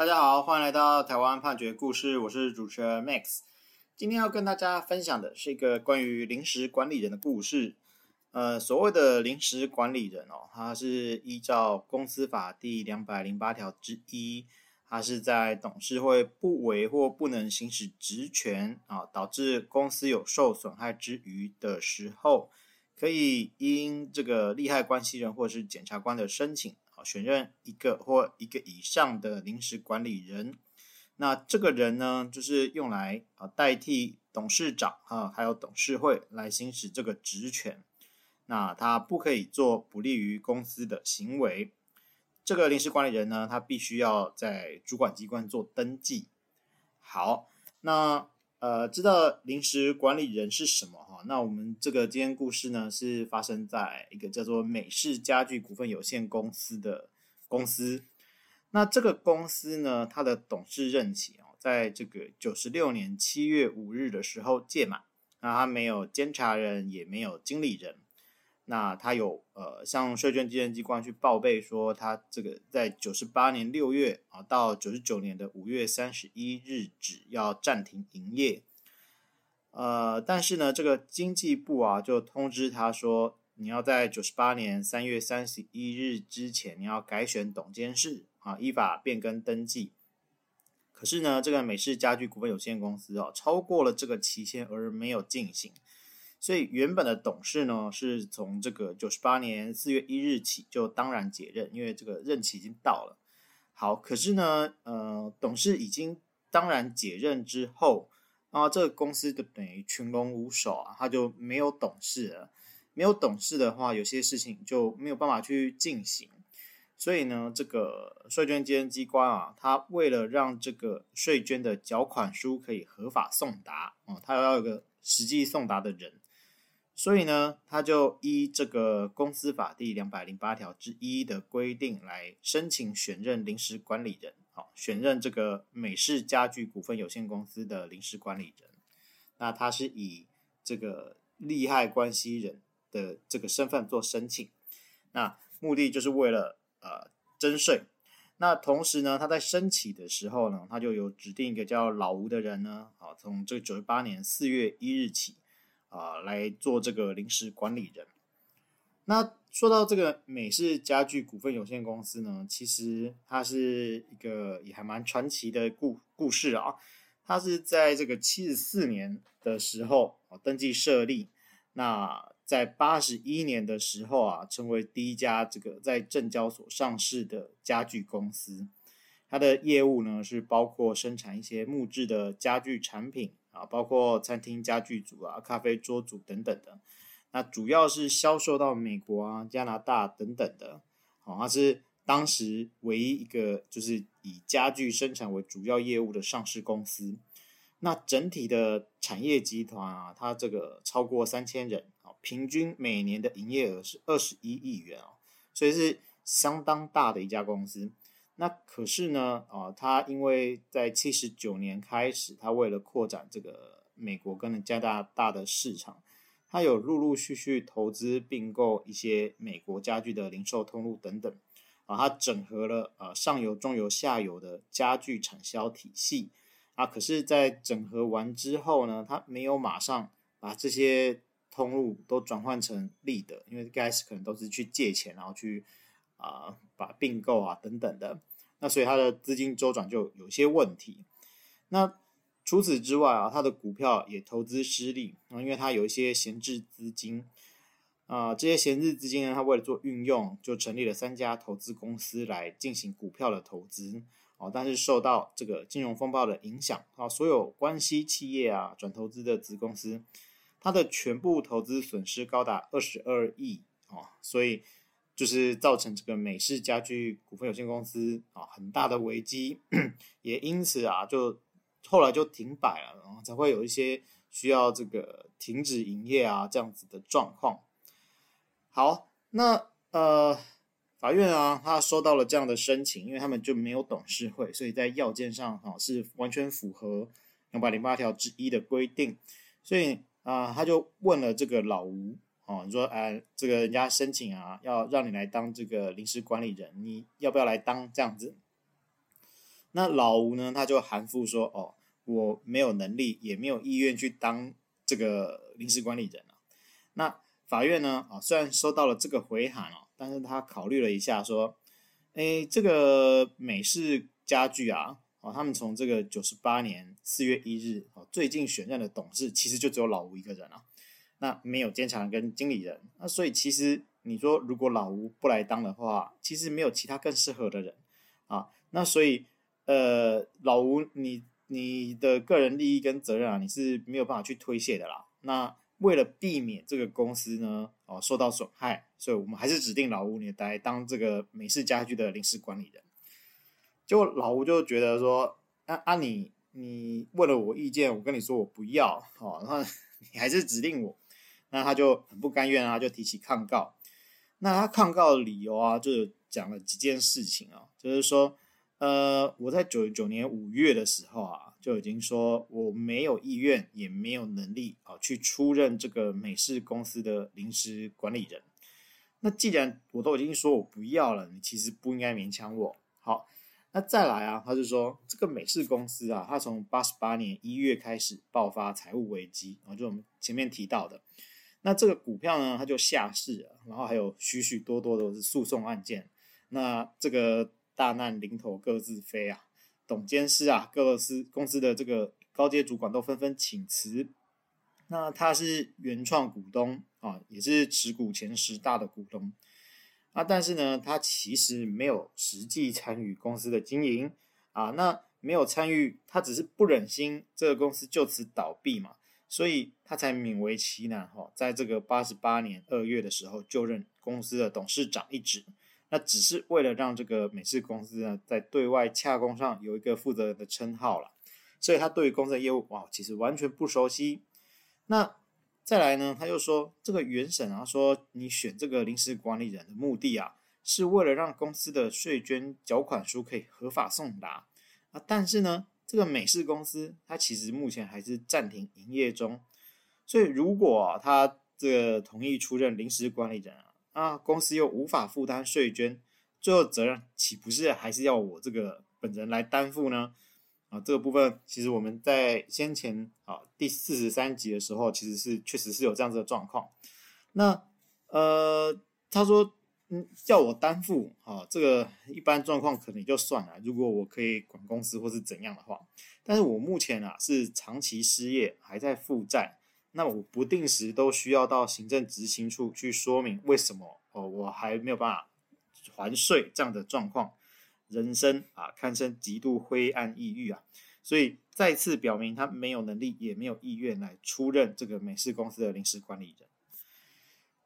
大家好，歡迎來到台灣判決故事，我是主持人 Max。今天要跟大家分享的是一個關於臨時管理人的故事。呃，所謂的臨時管理人哦，他是依照公司法第兩百零八條之一，他是在董事會不為或不能行使職權啊，導致公司有受損害之虞的時候，可以因這個利害關係人或者是檢察官的申請。選任一個或一個以上的臨時管理人，那這個人呢，就是用來啊代替董事長啊，還有董事會來行使這個職權。那他不可以做不利於公司的行為。這個臨時管理人呢，他必須要在主管機關做登記。好，那呃，知道臨時管理人是什麼？那我們這個今天故事呢，是發生在一個叫做美式家具股份有限公司的公司。那這個公司呢，它的董事任期哦，在這個九十六年七月五日的時候屆滿，那他沒有監察人，也沒有經理人。那他有呃，向稅捐稽徵機關去報備說，他這個在九十八年六月啊，到九十九年的五月三十一日止要暫停營業。呃，但是呢，這個經濟部啊，就通知他說，你要在九十八年三月三十一日之前，你要改選董監事啊，依法變更登記。可是呢，這個美式家具股份有限公司哦，啊，超過了這個期限而沒有進行，所以原本的董事呢，是從這個九十八年四月一日起就當然解任，因為這個任期已經到了。好，可是呢，呃，董事已經當然解任之後。啊，這個公司就等於群龍無首啊，他就沒有董事了。沒有董事的話，有些事情就沒有辦法去進行。所以呢，這個稅捐稽徵機關啊，他為了讓這個稅捐的繳款書可以合法送達啊，他、嗯、要有一個實際送達的人。所以呢，他就依這個公司法第兩百零八條之一的規定來申請選任臨時管理人。選任這個美式家具股份有限公司的臨時管理人，那他是以這個利害關係人的這個身份做申請，那目的就是為了呃徵稅。那同時呢，他在申請的時候呢，他就有指定一個叫老吳的人呢，啊，從這個九十八年四月一日起啊、呃、來做這個臨時管理人。那說到這個美式家具股份有限公司呢，其實它是一個也還蠻傳奇的故故事啊。它是在這個七十四年的時候登記設立，那在八十一年的時候啊，成為第一家這個在證交所上市的家具公司。它的業務呢是包括生產一些木質的家具產品啊，包括餐廳家具組啊、咖啡桌組等等的。那主要是銷售到美國啊、加拿大等等的，好、哦，它是當時唯一一個就是以家具生產為主要業務的上市公司。那整體的產業集團啊，它這個超過三千人啊、哦，平均每年的營業額是二十一億元啊、哦，所以是相當大的一家公司。那可是呢，啊、哦，它因為在七十九年開始，它為了擴展這個美國跟加拿大的市場。它有陸陸續續投資併購一些美國家具的零售通路等等，把、啊、它整合了，呃，上游、中游、下游的家具產銷體系啊。可是，在整合完之後呢，它沒有馬上把這些通路都轉換成利的，因為開 s 可能都是去借錢，然後去啊、呃，把併購啊等等的，那所以它的資金周轉就有些問題。那除此之外啊，他的股票也投資失利啊，因為他有一些閒置資金啊，這些閒置資金呢，他為了做運用，就成立了三家投資公司來進行股票的投資啊，但是受到這個金融風暴的影響啊，所有關係企業啊、轉投資的子公司，他的全部投資損失高達二十二億啊，所以就是造成這個美式家具股份有限公司啊很大的危機， 也因此啊就。後來就停擺了，然後才會有一些需要這個停止營業啊，這樣子的狀況。好，那呃，法院啊，他收到了這樣的申請，因為他們就沒有董事會，所以在要件上啊是完全符合兩百零八條之一的規定，所以啊、呃，他就問了這個老吳啊，你說，哎，這個人家申請啊，要讓你來當這個臨時管理人，你要不要來當這樣子？那老吳呢？他就含糊說：“哦，我沒有能力，也沒有意願去當這個臨時管理人，啊。”那法院呢？啊，哦，雖然收到了這個回函，哦，但是他考慮了一下說：“哎，這個美式家具啊，哦，他們從這個九十八年四月一日，哦，最近選任的董事其實就只有老吳一個人啊，那沒有監察人跟經理人，那所以其實你說如果老吳不來當的話，其實沒有其他更適合的人啊，那所以。”呃，老吳，你你的個人利益跟責任啊，你是沒有辦法去推卸的啦。那為了避免這個公司呢，哦，受到損害，所以我們還是指定老吳你來當這個美式家具的臨時管理人。結果老吳就覺得說，啊啊你，你你問了我意見，我跟你說我不要哦，然後你還是指定我，那他就很不甘願啊，他就提起抗告。那他抗告的理由啊，就講了幾件事情啊，就是說。呃，我在九九年五月的時候啊，就已經說我沒有意願，也沒有能力啊，去出任這個美式公司的臨時管理人。那既然我都已經說我不要了，你其實不應該勉強我。好，那再來啊，他就說這個美式公司啊，它從八十八年一月開始爆發財務危機啊，就我們前面提到的。那這個股票呢，它就下市了，然後還有許許多多的訴訟案件。那這個。大難臨頭各自飛啊！董監事啊，各司公司的這個高階主管都紛紛請辭。那他是原創股東啊，也是持股前十大的股東啊，但是呢，他其實沒有實際參與公司的經營啊，那沒有參與，他只是不忍心這個公司就此倒閉嘛，所以他才勉為其難哈、哦，在這個八十八年二月的時候就任公司的董事長一職。那只是為了讓這個美式公司呢，在對外洽公上有一個負責人的稱號了，所以他對於公司的業務哇，其實完全不熟悉。那再來呢，他又說這個原審啊，說你選這個臨時管理人的目的啊，是為了讓公司的稅捐繳款書可以合法送達啊，但是呢，這個美式公司它其實目前還是暫停營業中，所以如果、啊、他這個同意出任臨時管理人啊。啊，公司又無法負擔稅捐，最後責任豈不是還是要我這個本人來擔負呢？啊，這個部分其實我們在先前啊第四十三集的時候，其實是確實是有這樣子的狀況。那呃，他說，嗯，叫我擔負啊，這個一般狀況可能就算了，如果我可以管公司或是怎樣的話，但是我目前啊是長期失業，還在負債。那我不定時都需要到行政執行處去說明為什麼哦，我還沒有辦法還稅這樣的狀況，人生啊堪稱極度灰暗抑鬱啊，所以再次表明他沒有能力也沒有意願來出任這個美式公司的臨時管理人。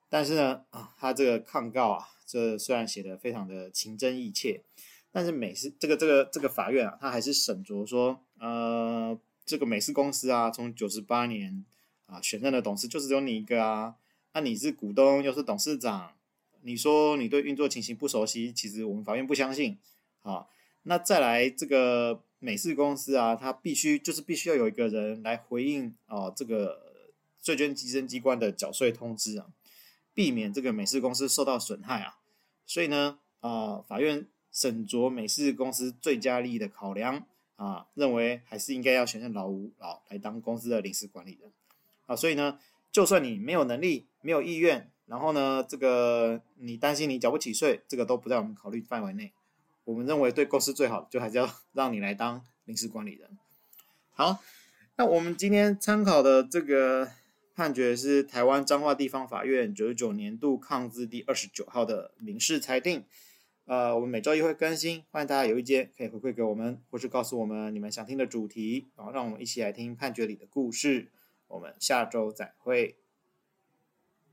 但是呢啊，他這個抗告啊，這雖然寫得非常的情真意切，但是美式這個這個這個法院啊，他還是審酌說，呃，這個美式公司啊，從九十八年。啊，選任的董事就是只有你一個啊，那你是股東，又是董事長，你說你對運作情形不熟悉，其實我們法院不相信。好、啊，那再來這個美式公司啊，它必須就是必須要有一個人來回應哦、啊，這個稅捐稽徵機關的繳稅通知啊，避免這個美式公司受到損害啊。所以呢，啊，法院審酌美式公司最佳利益的考量啊，認為還是應該要選任老吳啊，來當公司的臨時管理人。啊，所以呢，就算你沒有能力、沒有意願，然後呢，這個你擔心你繳不起稅，這個都不在我們考慮範圍內。我們認為對公司最好，就還是要讓你來當臨時管理人。好，那我們今天參考的這個判決是台灣彰化地方法院九十九年度抗字第二十九號的民事裁定。呃，我們每周一會更新，歡迎大家有意見可以回饋給我們，或是告訴我們你們想聽的主題，然後讓我們一起來聽判決裡的故事。我們下周再會。